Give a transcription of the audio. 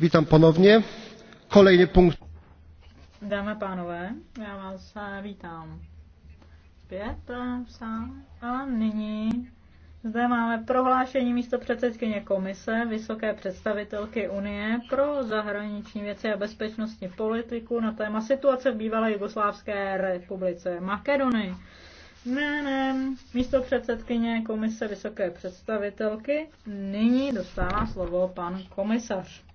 Vítám ponovně. Kolejný punkt. Dámy a pánové, já vás eh, vítám zpět eh, v sále. A nyní zde máme prohlášení místo předsedkyně komise Vysoké představitelky Unie pro zahraniční věci a bezpečnostní politiku na téma situace v bývalé Jugoslávské republice Makedonii. Ne, ne, místo předsedkyně komise Vysoké představitelky nyní dostává slovo pan komisař.